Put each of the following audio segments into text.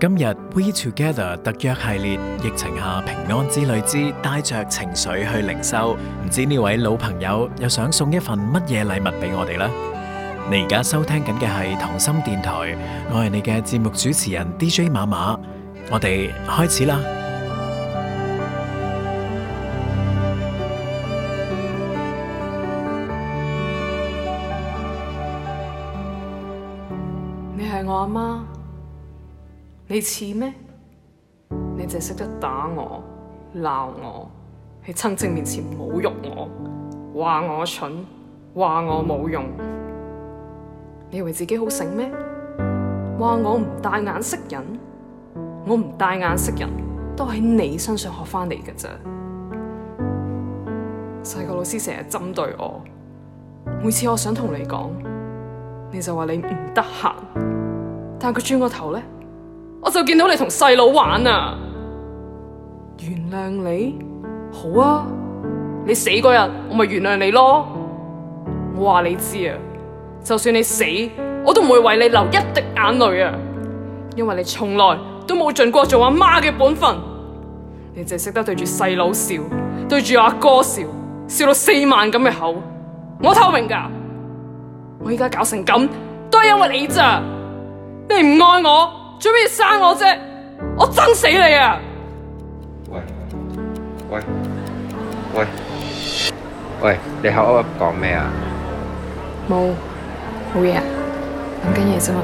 今日 We Together 特約系列，疫情下平安之旅之帶着情緒去靈修，唔知呢位老朋友又想送一份乜嘢禮物俾我哋呢？你而家收聽緊嘅係同心電台，我係你嘅節目主持人 DJ 馬馬，我哋開始啦。你係我阿媽。你似咩？你淨係識得打我、鬧我，喺親戚面前侮辱我，話我蠢，話我冇用。你以為自己好醒咩？話我唔戴眼識人，我唔戴眼識人都喺你身上學翻嚟嘅啫。細個老師成日針對我，每次我想同你講，你就話你唔得閒，但佢轉個頭咧。我就見到你同細佬玩啊！原諒你？好啊，你死嗰日我咪原諒你咯！我話你知啊，就算你死，我都唔會為你流一滴眼淚啊！因為你從來都冇盡過做阿媽嘅本分，你淨係識得對住細佬笑，對住阿哥笑，笑到四萬咁嘅口。我透明噶，我依家搞成咁都係因為你咋？你唔愛我。做咩要生我啫？我憎死你啊！喂喂喂喂，你口噏講咩啊？冇冇嘢，等緊嘢啫嘛。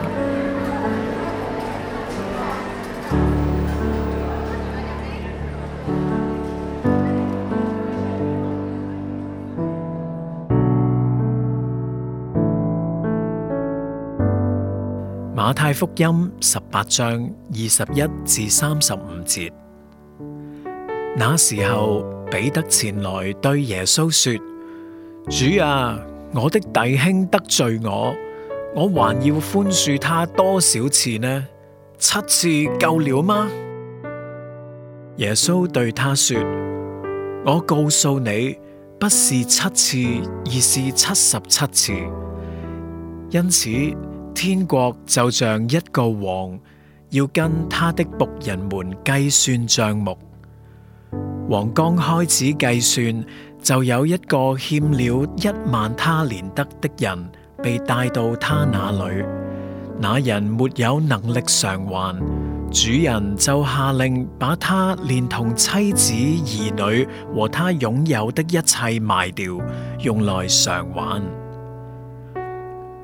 馬太福音十八章二十一至三十五節，那時候，彼得前來對耶穌說：主啊，我的弟兄得罪我，我還要寬恕他多少次呢？七次夠了嗎？耶穌對他說：我告訴你，不是七次，而是七十七次。因此。天國就像一個王，要跟他的僕人們計算賬目。王剛開始計算，就有一個欠了一萬他連得的人被帶到他那裏。那人沒有能力償還，主人就下令把他連同妻子、兒女和他擁有的一切賣掉，用來償還。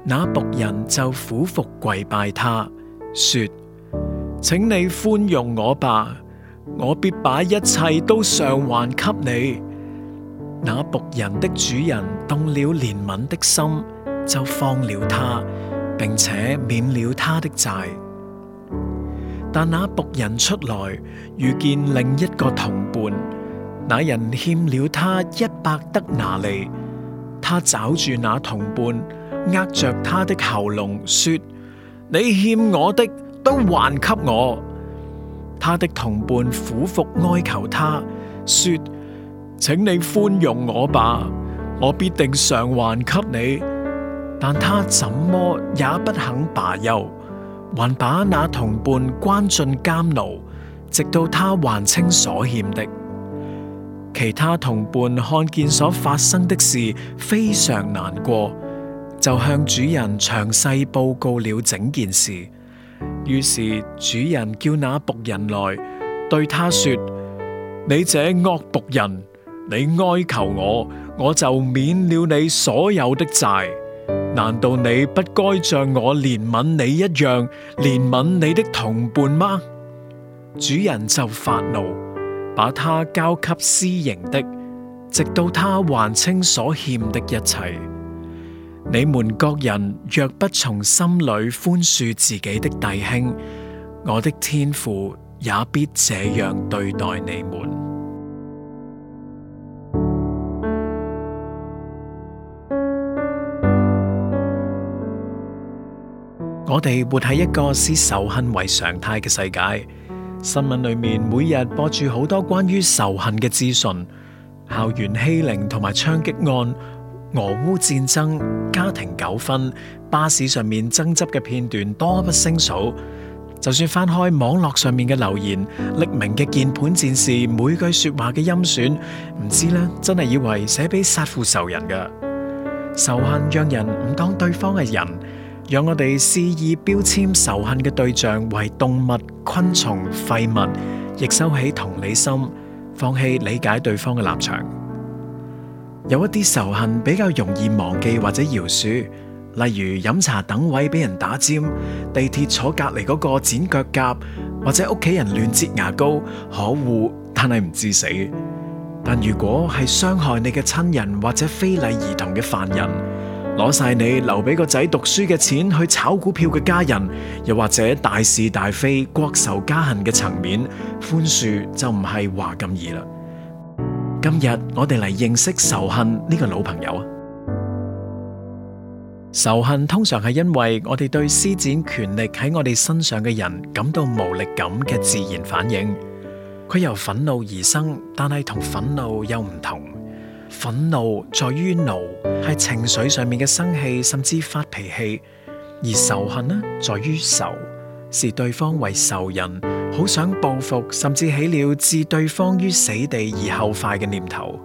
那僕人就俯伏跪拜他說，請你寬容我吧，我必把一切都償還給你。那僕人的主人動了憐憫的心，就放了他，並且免了他的債。但那僕人出來，遇見另一個同伴，那人欠了他一百得拿利，他抓住那同伴。扼着他的喉嚨，說：你欠我的都還給我。他的同伴俯伏哀求他說：請你寬容我吧，我必定償還給你。但他怎麼也不肯罷休，還把那同伴關進監牢，直到他還清所欠的。其他同伴看見所發生的事，非常難過。就向主人詳細報告了整件事。於是主人叫那僕人來，對他說：你這惡僕人，你哀求我，我就免了你所有的債。難道你不該像我憐憫你一樣憐憫你的同伴嗎？主人就發怒，把他交給司刑的，直到他還清所欠的一切。你們各人若不從心裏寬恕自己的弟兄，我的天父也必這樣對待你們。 我哋活喺一個視仇恨為常態嘅世界，新聞裏面每日播住好多關於仇恨嘅資訊，校園欺凌同埋槍擊案。俄烏戰爭、家庭糾紛、巴士上面爭執嘅片段多不勝數。就算翻開網絡上面嘅留言，匿名嘅鍵盤戰士每句說話嘅音選，唔知呢真係以為寫俾殺父仇人㗎。仇恨讓人唔當對方係人，讓我哋肆意標籤仇恨嘅對象為動物、昆蟲、廢物，亦收起同理心，放棄理解對方嘅立場。有一啲仇恨比較容易忘記或者饒恕，例如飲茶等位俾人打尖，地鐵坐隔籬嗰個剪腳甲，或者屋企人亂擠牙膏，可惡但係唔至死。但如果係傷害你嘅親人或者非禮兒童嘅犯人，攞晒你留俾個仔讀書嘅錢去炒股票嘅家人，又或者大是大非、國仇家恨嘅層面，寬恕就唔係話咁易啦。今日我哋嚟認識仇恨呢個老朋友啊！仇恨通常係因為我哋對施展權力喺我哋身上嘅人感到無力感嘅自然反應。佢由憤怒而生，但係同憤怒又唔同。憤怒在於怒，係情緒上面嘅生氣，甚至發脾氣；而仇恨呢，在於仇，視對方為仇人。好想報復，甚至起了置對方於死地而後快嘅念頭。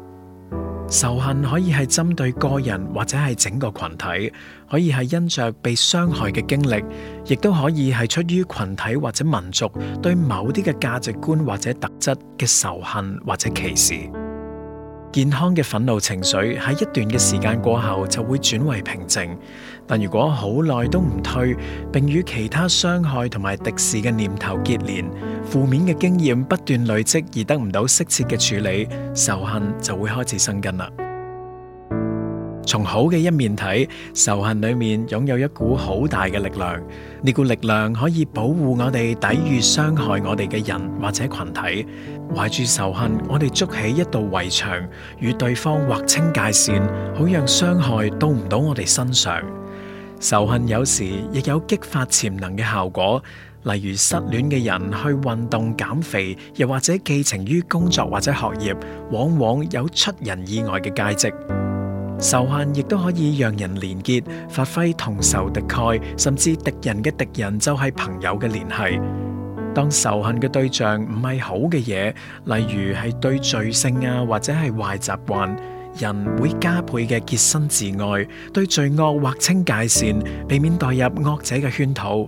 仇恨可以係針對個人或者係整個群體，可以係因着被傷害嘅經歷，亦都可以係出於群體或者民族對某啲嘅價值觀或者特質嘅仇恨或者歧視。健康嘅憤怒情緒喺一段嘅時間過後就會轉為平靜。但如果好耐都唔退，並與其他傷害同埋敵視嘅念頭結連，負面嘅經驗不斷累積而得唔到適切嘅處理，仇恨就會開始生根啦。從好嘅一面睇，仇恨裏面擁有一股好大嘅力量，呢股力量可以保護我哋抵禦傷害我哋嘅人或者群體。懷住仇恨，我哋築起一道圍牆，與對方劃清界線，好讓傷害到唔到我哋身上。仇恨有時亦有激發潛能嘅效果，例如失戀嘅人去運動減肥，又或者寄情於工作或者學業，往往有出人意外嘅佳績。仇恨亦都可以讓人連結、發揮同仇敵愾，甚至敵人嘅敵人就係朋友嘅聯繫。當仇恨嘅對象唔係好嘅嘢，例如係對罪性啊，或者係壞習慣。人會加倍嘅潔身自愛，對罪惡劃清界綫，避免代入惡者嘅圈套。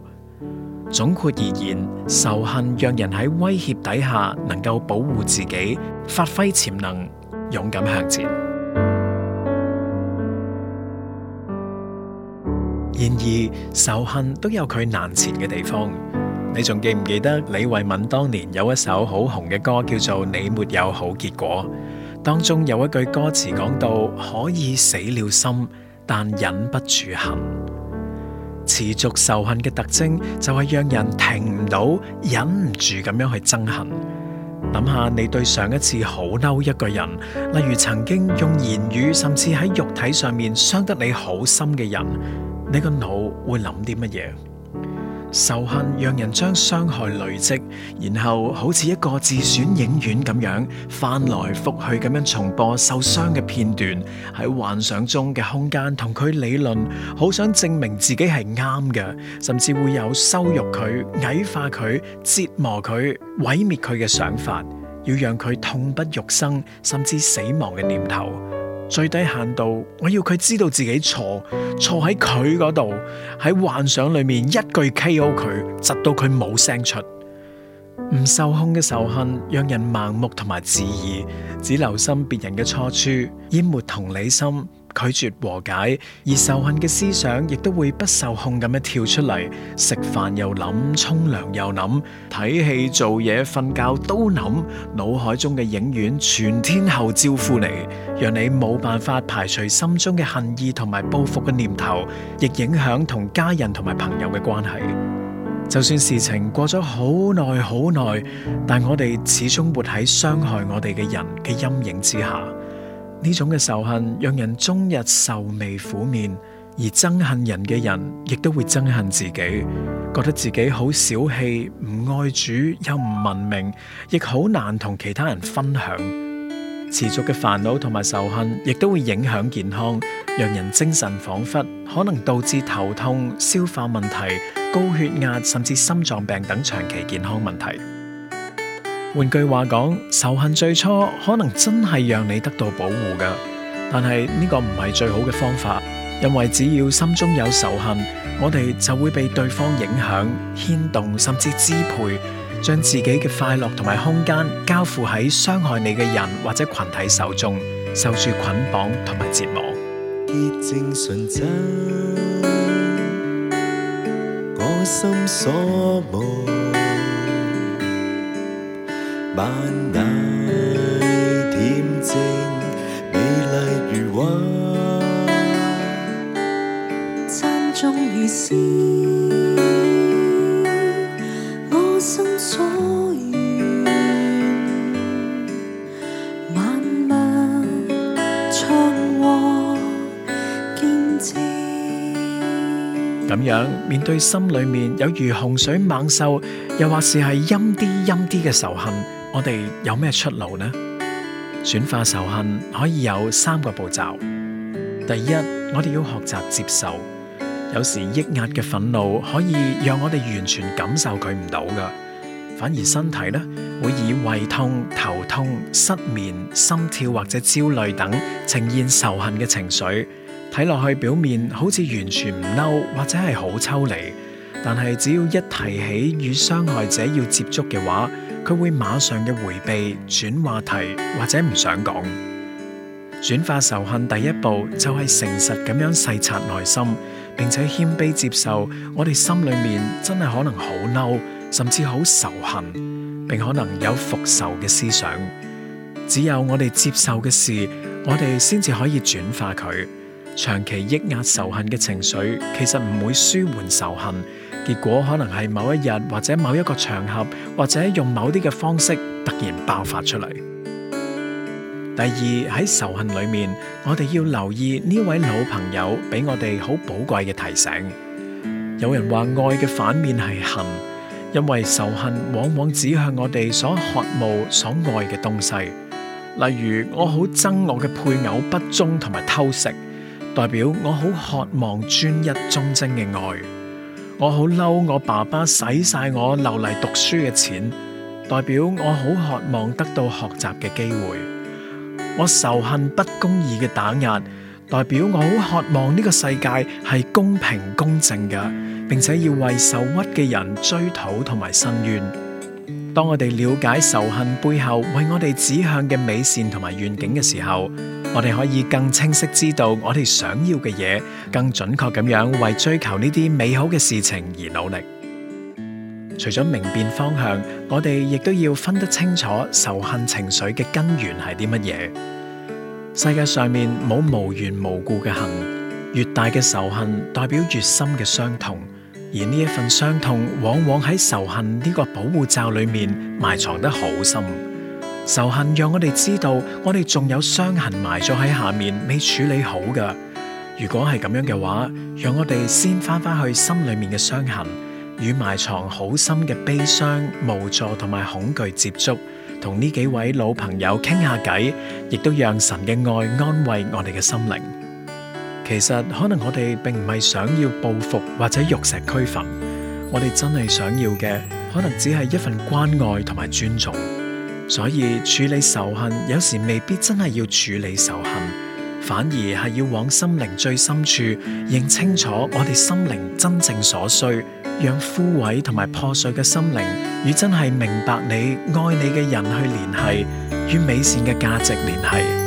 總括而言，仇恨讓人喺威脅底下能夠保護自己，發揮潛能，勇敢向前。然而，仇恨都有佢難纏嘅地方。你仲記唔記得李慧敏當年有一首好紅嘅歌，叫做《你沒有好結果》？當中有一句歌詞講到，可以死了心，但忍不住恨。持續仇恨嘅特徵就係讓人停唔到，忍唔住咁樣去憎恨。諗下你對上一次好嬲一個人，例如曾經用言語甚至喺肉體上面傷得你好深嘅人，你個腦會諗啲乜嘢？仇恨讓人將傷害累積，然後好似一個自選影院咁樣翻來覆去咁樣重播受傷嘅片段，喺幻想中嘅空間同佢理論，好想證明自己係啱嘅，甚至會有羞辱佢、矮化佢、折磨佢、毀滅佢嘅想法，要讓佢痛不欲生，甚至死亡嘅念頭。最低限度，我要佢知道自己錯，錯喺佢嗰度，喺幻想裏面一句 KO 佢，窒到佢冇聲出。唔受控嘅仇恨，讓人盲目同埋自疑，只留心別人嘅錯處，淹沒同理心。拒絕和解而受恨嘅思想，亦都會不受控咁樣跳出嚟。食飯又諗，沖涼又諗，睇戲做嘢瞓覺都諗。腦海中嘅影院全天候招呼你，讓你冇辦法排除心中嘅恨意同埋報復嘅念頭，亦影響同家人同埋朋友嘅關係。就算事情過咗好耐好耐，但我哋始終活喺傷害我哋嘅人嘅陰影之下。呢種嘅仇恨，讓人終日愁眉苦面，而憎恨人嘅人，亦都會憎恨自己，覺得自己好小氣，唔愛主又唔文明，亦好難同其他人分享。持續嘅煩惱同埋仇恨，亦都會影響健康，讓人精神恍惚，可能導致頭痛、消化問題、高血壓甚至心臟病等長期健康問題。換句話講，仇恨最初可能真係讓你得到保護噶，但係呢個唔係最好嘅方法，因為只要心中有仇恨，我哋就會被對方影響、牽動，甚至支配，將自己嘅快樂同埋空間交付喺傷害你嘅人或者群體手中，受住捆綁同埋折磨。潔淨純真，我心所慕。萬籟恬靜，美麗如畫。讚頌如詩，我心所願。萬物唱和，見證。咁樣面對心裏面有如洪水猛獸，又或是係陰啲陰啲嘅仇恨。我哋有咩出路呢？轉化仇恨可以有三個步驟。第一，我哋要學習接受。有時抑壓嘅憤怒可以讓我哋完全感受佢唔到㗎，反而身體呢，會以胃痛、頭痛、失眠、心跳或者焦慮等呈現仇恨嘅情緒。睇落去表面好似完全唔嬲或者係好抽離，但係只要一提起與傷害者要接觸嘅話，佢會馬上嘅迴避、轉話題或者唔想講。轉化仇恨第一步就係誠實咁樣細察內心，並且謙卑接受。我哋心裏面真係可能好嬲，甚至好仇恨，並可能有復仇嘅思想。只有我哋接受嘅事，我哋先至可以轉化佢。長期抑壓仇恨嘅情緒，其實唔會舒緩仇恨。結果可能係某一日，或者某一個場合，或者用某啲嘅方式突然爆發出嚟。第二，喺仇恨裏面，我哋要留意呢位老朋友俾我哋好寶貴嘅提醒。有人話愛嘅反面係恨，因為仇恨往往指向我哋所渴慕、所愛嘅東西。例如我好憎我嘅配偶不忠同埋偷食，代表我好渴望專一忠貞嘅愛。我好嬲，我爸爸使晒我留嚟讀書嘅錢，代表我好渴望得到學習嘅機會。我仇恨不公義嘅打壓，代表我好渴望呢個世界係公平公正嘅，並且要為受屈嘅人追討同埋伸冤。當我哋了解仇恨背後為我哋指向嘅美善同埋願景嘅時候，我哋可以更清晰知道我哋想要嘅嘢，更準確咁樣為追求呢啲美好嘅事情而努力。除咗明辨方向，我哋亦都要分得清楚仇恨情緒嘅根源係啲乜嘢。世界上面冇無緣無故嘅恨，越大嘅仇恨代表越深嘅傷痛。而呢一份傷痛，往往喺仇恨呢個保護罩裏面埋藏得好深。仇恨讓我哋知道，我哋仲有傷痕埋咗喺下面未處理好嘅。如果係咁樣嘅話，讓我哋先翻翻去心裏面嘅傷痕，與埋藏好深嘅悲傷、無助同埋恐懼接觸，同呢幾位老朋友傾下偈，亦都讓神嘅愛安慰我哋嘅心靈。其實可能我哋並唔係想要報復或者玉石俱焚，我哋真係想要嘅可能只係一份關愛同埋尊重。所以處理仇恨有時未必真係要處理仇恨，反而係要往心靈最深處認清楚我哋心靈真正所需，讓枯萎同埋破碎嘅心靈與真係明白你愛你嘅人去聯繫，與美善嘅價值聯繫。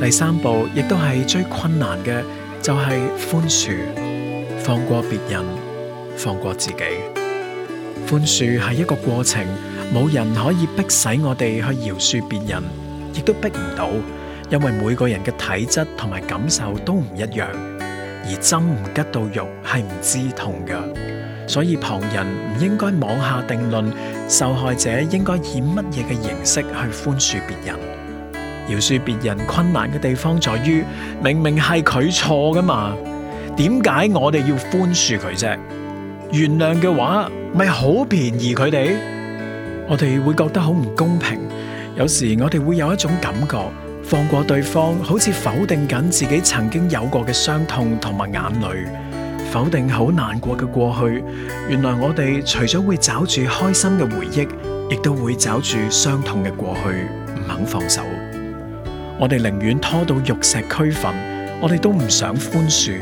第三步，亦都係最困難嘅，就係寬恕，放過別人，放過自己。寬恕係一個過程，冇人可以逼使我哋去饒恕別人，亦都逼唔到，因為每個人嘅體質同埋感受都唔一樣，而針唔吉到肉係唔知痛嘅。所以旁人唔應該妄下定論，受害者應該以乜嘢嘅形式去寬恕別人？饒恕別人困難嘅地方在於，明明係佢錯㗎嘛，點解我哋要寬恕佢啫？原諒嘅話，咪好便宜佢哋？我哋會覺得好唔公平。有時我哋會有一種感覺，放過對方，好似否定緊自己曾經有過嘅傷痛同埋眼淚。否定好難過嘅過去，原來我哋除咗會找住開心嘅回憶，亦都會找住傷痛嘅過去，唔肯放手。我哋寧願拖到玉石俱焚，我哋都唔想寬恕。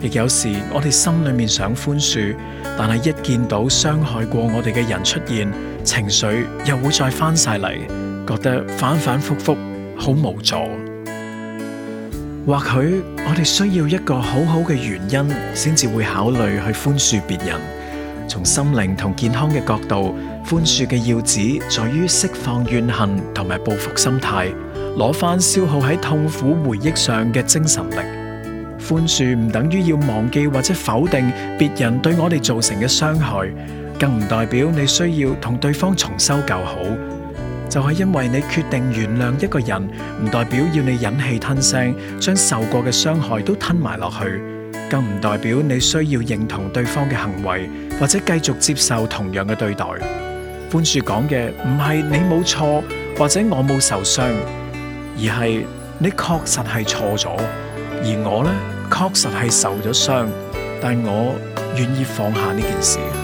亦有時我哋心裏面想寬恕，但係一見到傷害過我哋嘅人出現，情緒又會再翻晒嚟，覺得反反復復好無助。或許我哋需要一個好好嘅原因，先至會考慮去寬恕別人。從心靈同健康嘅角度，寬恕嘅要旨在於釋放怨恨同埋報復心態，攞返消耗喺痛苦回憶上嘅精神力。寬恕唔等於要忘記或者否定別人對我哋造成嘅傷害，更唔代表你需要同對方重修舊好。就係因為你決定原諒一個人，唔代表要你忍氣吞聲，將受過嘅傷害都吞埋落去，更唔代表你需要認同對方嘅行為，或者繼續接受同樣嘅對待。寬恕講嘅唔係你冇錯或者我冇受傷，而係你確實係錯咗，而我呢確實係受咗傷，但我願意放下呢件事。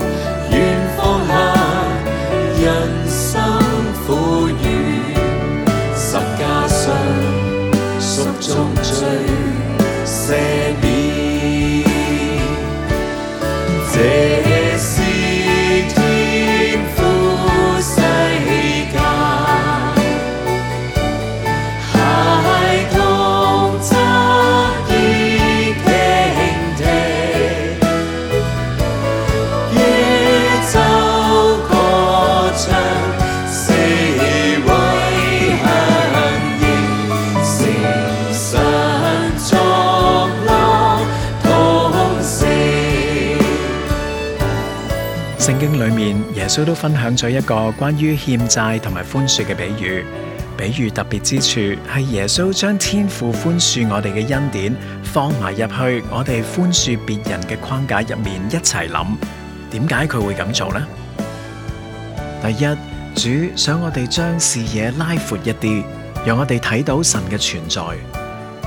耶穌都分享咗一個關於欠債同埋寬恕嘅比喻，比喻特別之處係耶穌將天父寬恕我哋嘅恩典放埋入去我哋寬恕別人嘅框架入面一齊諗，點解佢會咁做呢？第一，主想我哋將視野拉闊一啲，讓我哋睇到神嘅存在。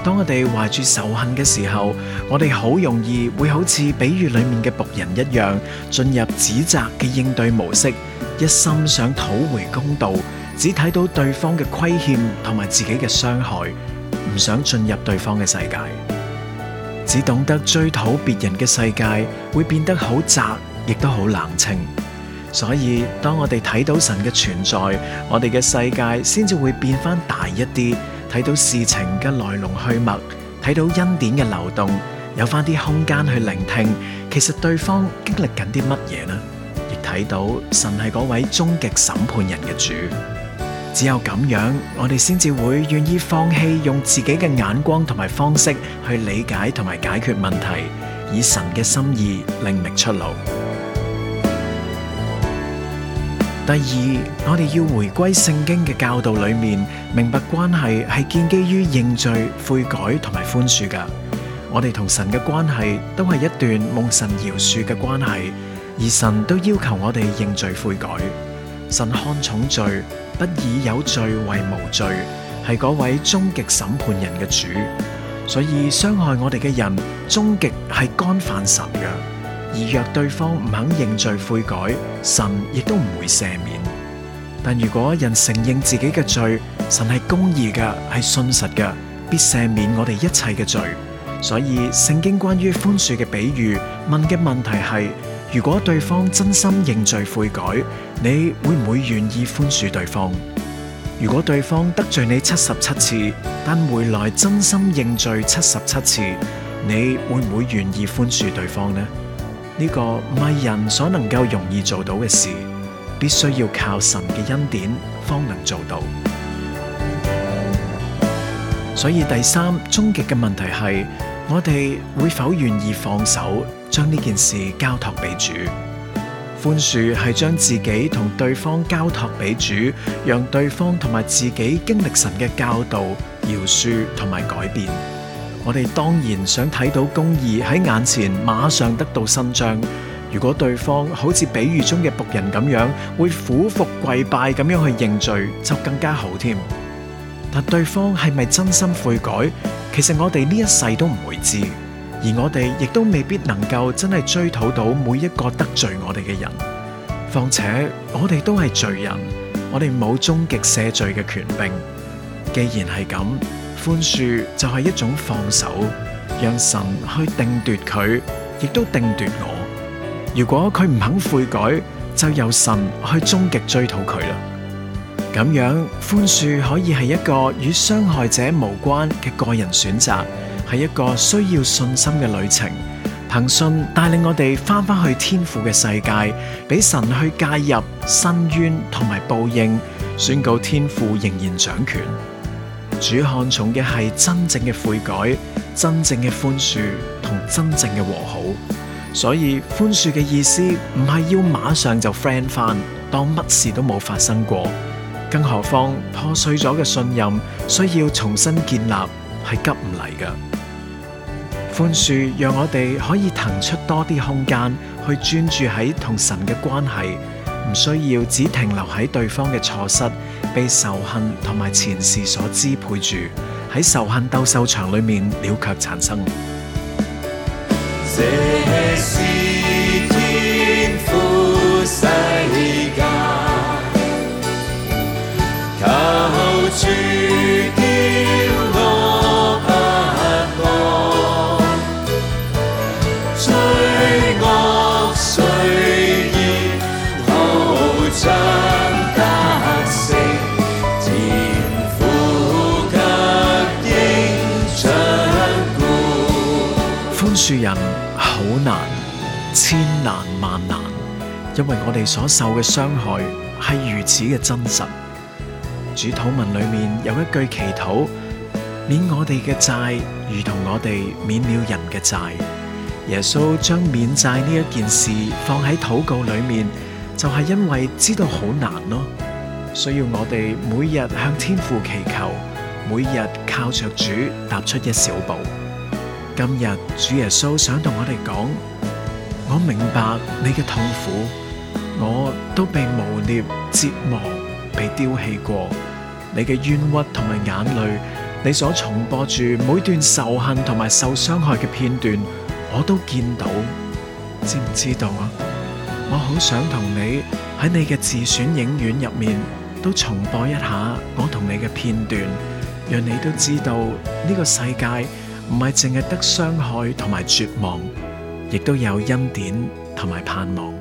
當我哋懷住仇恨嘅時候，我哋好容易會好似比喻裏面嘅僕人一樣，進入指責嘅應對模式，一心想討回公道，只睇到對方嘅虧欠同埋自己嘅傷害，唔想進入對方嘅世界，只懂得追討別人嘅世界，會變得好窄，亦都好冷清。所以，當我哋睇到神嘅存在，我哋嘅世界先至會變返大一啲。睇到事情嘅來龍去脈，睇到恩典嘅流動，有翻啲空間去聆聽，其實對方經歷緊啲乜嘢呢？亦睇到神係嗰位終極審判人嘅主，只有咁樣，我哋先至會願意放棄用自己嘅眼光同埋方式去理解同埋解決問題，以神嘅心意另覓出路。第二，我哋要回歸聖經嘅教導裏面，明白關係係建基於認罪、悔改同埋寬恕噶。我哋同神嘅關係都係一段蒙神饒恕嘅關係，而神都要求我哋認罪悔改。神看重罪，不以有罪為無罪，係嗰位終極審判人嘅主。所以傷害我哋嘅人，終極係干犯神嘅。而若對方唔肯認罪悔改，神亦都唔會赦免。但如果人承認自己嘅罪，神係公義嘅，係信實嘅，必赦免我哋一切嘅罪。所以聖經關於寬恕嘅比喻，問嘅問題係：如果對方真心認罪悔改，你會唔會願意寬恕對方？如果對方得罪你七十七次，但回來真心認罪七十七次，你會唔會願意寬恕對方呢？呢個唔係人所能夠容易做到嘅事，必須要靠神嘅恩典方能做到。所以第三終極嘅問題係，我哋會否願意放手，將呢件事交託俾主？寬恕係將自己同對方交託俾主，讓對方同埋自己經歷神嘅教導、饒恕同埋改變。我哋當然想睇到公義喺眼前馬上得到伸張。如果對方好似比喻中嘅僕人咁樣，會俯伏跪拜咁樣去認罪，就更加好添。但對方係咪真心悔改，其實我哋呢一世都唔會知，而我哋亦都未必能夠真係追討到每一個得罪我哋嘅人。況且我哋都係罪人，我哋冇終極赦罪嘅權柄。既然係咁。寬恕就係一種放手，讓神去定奪佢，亦都定奪我。如果佢唔肯悔改，就由神去終極追討佢啦。咁樣寬恕可以係一個與傷害者無關嘅個人選擇，係一個需要信心嘅旅程。騰訊帶領我哋返返去天父嘅世界，俾神去介入伸冤同埋報應，宣告天父仍然掌權。主看重嘅係真正嘅悔改、真正嘅寬恕同真正嘅和好，所以寬恕嘅意思唔係要馬上就 friend 翻，當乜事都冇發生過。更何況破碎咗嘅信任需要重新建立，係急唔嚟嘅。寬恕讓我哋可以騰出多啲空間去專注喺同神嘅關係。唔需要，只停留喺對方嘅錯失，被仇恨同埋前世所支配住，喺仇恨鬥獸場裏面了卻殘生。 恕人好難，千難萬難，因為我哋所受嘅傷害係如此嘅真實。主禱文裏面有一句祈禱，免我哋嘅債如同我哋免了人嘅債。耶穌將免債呢一件事放喺禱告裏面，就係因為知道好難咯，需要我哋每日向天父祈求，每日靠着主踏出一小步。今日主耶穌想同我哋講，我明白你嘅痛苦，我都被污衊、折磨、被丟棄過。你嘅冤屈同埋眼淚，你所重播住每段仇恨同埋受傷害嘅片段，我都見到。知唔知道啊？我好想同你喺你嘅自選影院入面都重播一下我同你嘅片段，讓你都知道呢個世界。唔係淨係得傷害同埋絕望，亦都有恩典同埋盼望。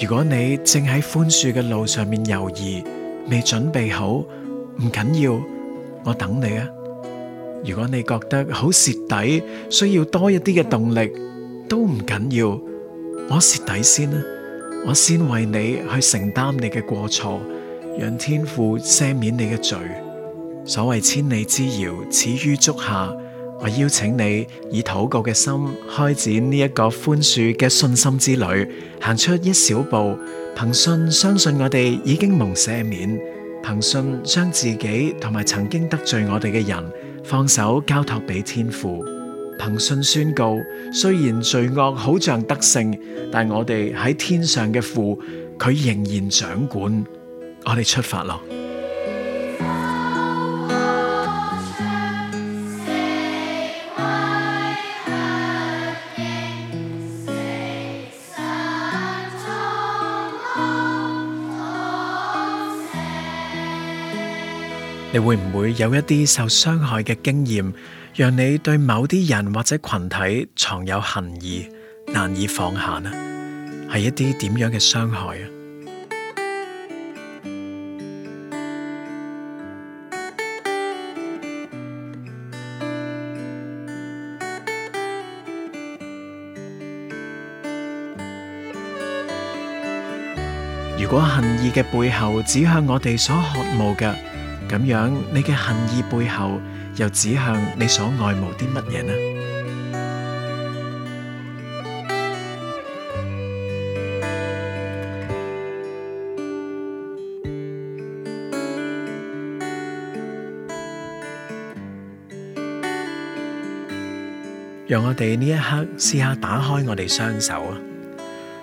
如果你正喺寬恕嘅路上面猶豫，未準備好，唔緊要，我等你啊！如果你覺得好蝕底，需要多一啲嘅動力，都唔緊要，我蝕底先啊，我先為你去承擔你嘅過錯，讓天父赦免你嘅罪。所謂千里之遙，始於足下。我邀請你以禱告嘅心開展呢一個寬恕嘅信心之旅，行出一小步。憑信相信我哋已經蒙赦免，憑信將自己同埋曾經得罪我哋嘅人放手交託俾天父。憑信宣告，雖然罪惡好像得勝，但我哋喺天上嘅父佢仍然掌管。我哋出發咯。你會唔會有一啲受傷害嘅經驗，讓你對某啲人或者群體藏有恨意，難以放下呢？係一啲點樣嘅傷害啊？如果恨意嘅背後指向我哋所渴慕嘅，咁樣，你嘅恨意背後又指向你所愛慕啲乜嘢呢？讓我哋呢一刻試下打開我哋雙手啊！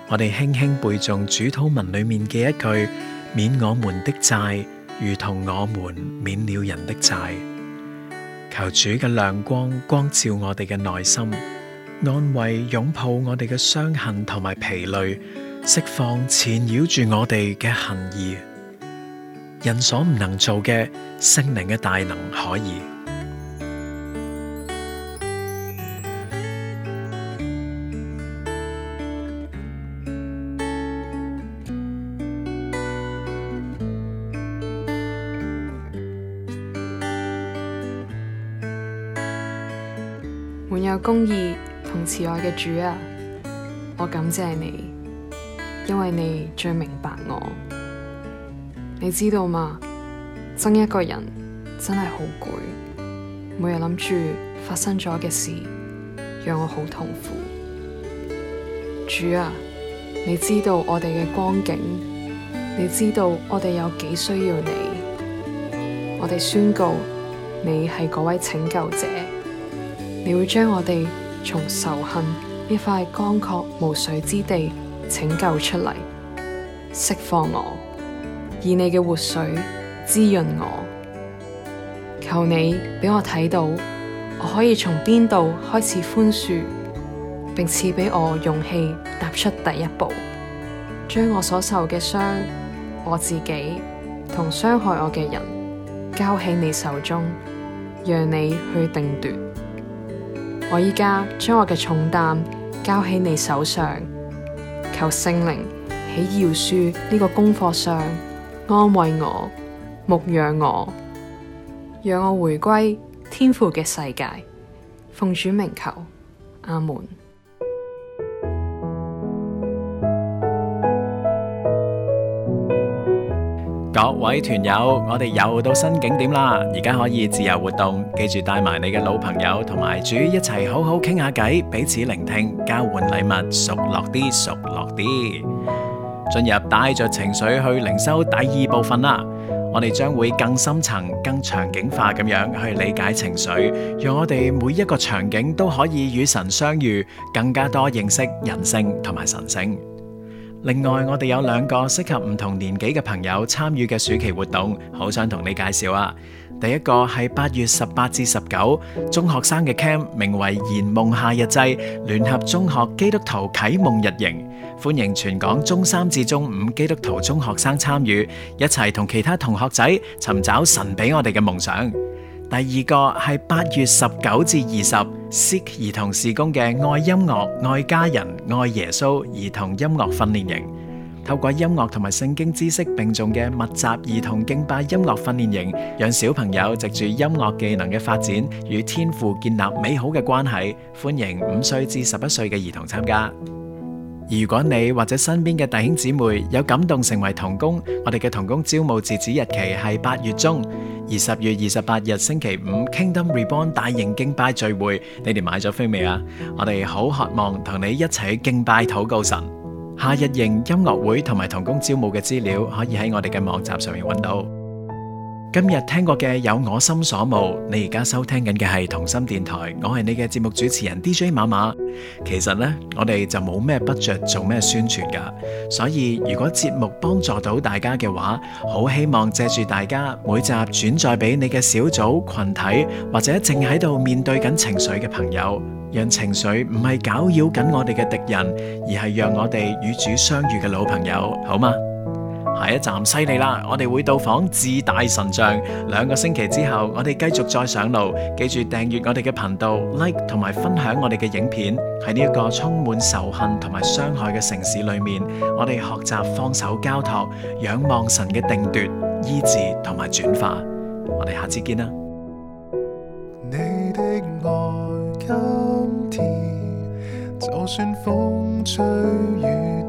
我哋輕輕背誦主禱文裏面嘅一句：免我們的債。如同我們免了人的債，求主嘅亮光光照我哋嘅內心，安慰擁抱我哋嘅傷痕同埋疲累，釋放纏繞住我哋嘅恨意。人所唔能做嘅，聖靈嘅大能可以。公義同慈愛嘅主啊，我感謝你，因為你最明白我。你知道嗎？憎一個人真係好攰，每日諗住發生咗嘅事，讓我好痛苦。主啊，你知道我哋嘅光景，你知道我哋有幾需要你。我哋宣告，你係嗰位拯救者。你會將我哋從仇恨一塊乾涸無水之地拯救出嚟，釋放我，以你嘅活水滋潤我。求你俾我睇到，我可以從邊度開始寬恕，並賜俾我勇氣踏出第一步，將我所受嘅傷、我自己同傷害我嘅人交喺你手中，讓你去定奪。我依家將我嘅重擔交喺你手上，求聖靈喺饒恕呢個功課上安慰我，牧養我，讓我回歸天父嘅世界。奉主名求，阿門。各位團友，我哋又到新景點啦，而家可以自由活動，記住帶埋你嘅老朋友同埋主一齊好好傾下偈，彼此聆聽，交換禮物，熟絡啲，熟絡啲。進入帶着情緒去靈修第二部分啦，我哋將會更深層、更場景化咁樣去理解情緒，讓我哋每一個場景都可以與神相遇，更加多認識人性同埋神性。另外，我哋有兩個適合唔同年紀嘅朋友參與嘅暑期活動，好想同你介紹啊！第一個係八月十八至十九中學生嘅 camp，名為《延夢夏日祭》，聯合中學基督徒啟夢日營，歡迎全港中三至中五基督徒中學生參與，一齊同其他同學仔尋找神俾我哋嘅夢想。第二個係八月十九至二十 SeeK 兒童事工嘅愛音樂、愛家人、愛耶穌兒童音樂訓練營，透過音樂同埋聖經知識並重嘅密集兒童敬拜音樂訓練營，讓小朋友藉住音樂技能嘅發展與天父建立美好嘅關係。歡迎五歲至十一歲嘅兒童參加。如果你或者身邊嘅弟兄姊妹有感動成為童工，我哋嘅童工招募截止日期係八月中，而十月二十八日星期五 Kingdom Reborn 大型敬拜聚會，你哋買咗飛未啊？我哋好渴望同你一齊敬拜、禱告神。夏日營音樂會同埋童工招募嘅資料，可以喺我哋嘅網站上面揾到。今日聽過嘅有我心所慕，你而家收聽緊嘅係同心電台，我係你嘅節目主持人 DJ 馬馬。其實呢，我哋就冇咩 budget 做咩宣傳噶，所以如果節目幫助到大家嘅話，好希望借住大家每集轉載俾你嘅小組、群體或者正喺度面對緊情緒嘅朋友，讓情緒唔係攪擾緊我哋嘅敵人，而係讓我哋與主相遇嘅老朋友，好嗎？下一站犀利啦！我哋會到訪自大神像。兩個星期之後，我哋繼續再上路。記住訂閱我哋嘅頻道、Like 同埋分享我哋嘅影片。喺呢一個充滿仇恨同埋傷害嘅城市裏面，我哋學習放手交託，仰望神嘅定奪、醫治同埋轉化。我哋下次見啦！你的愛，今天就算風吹雨。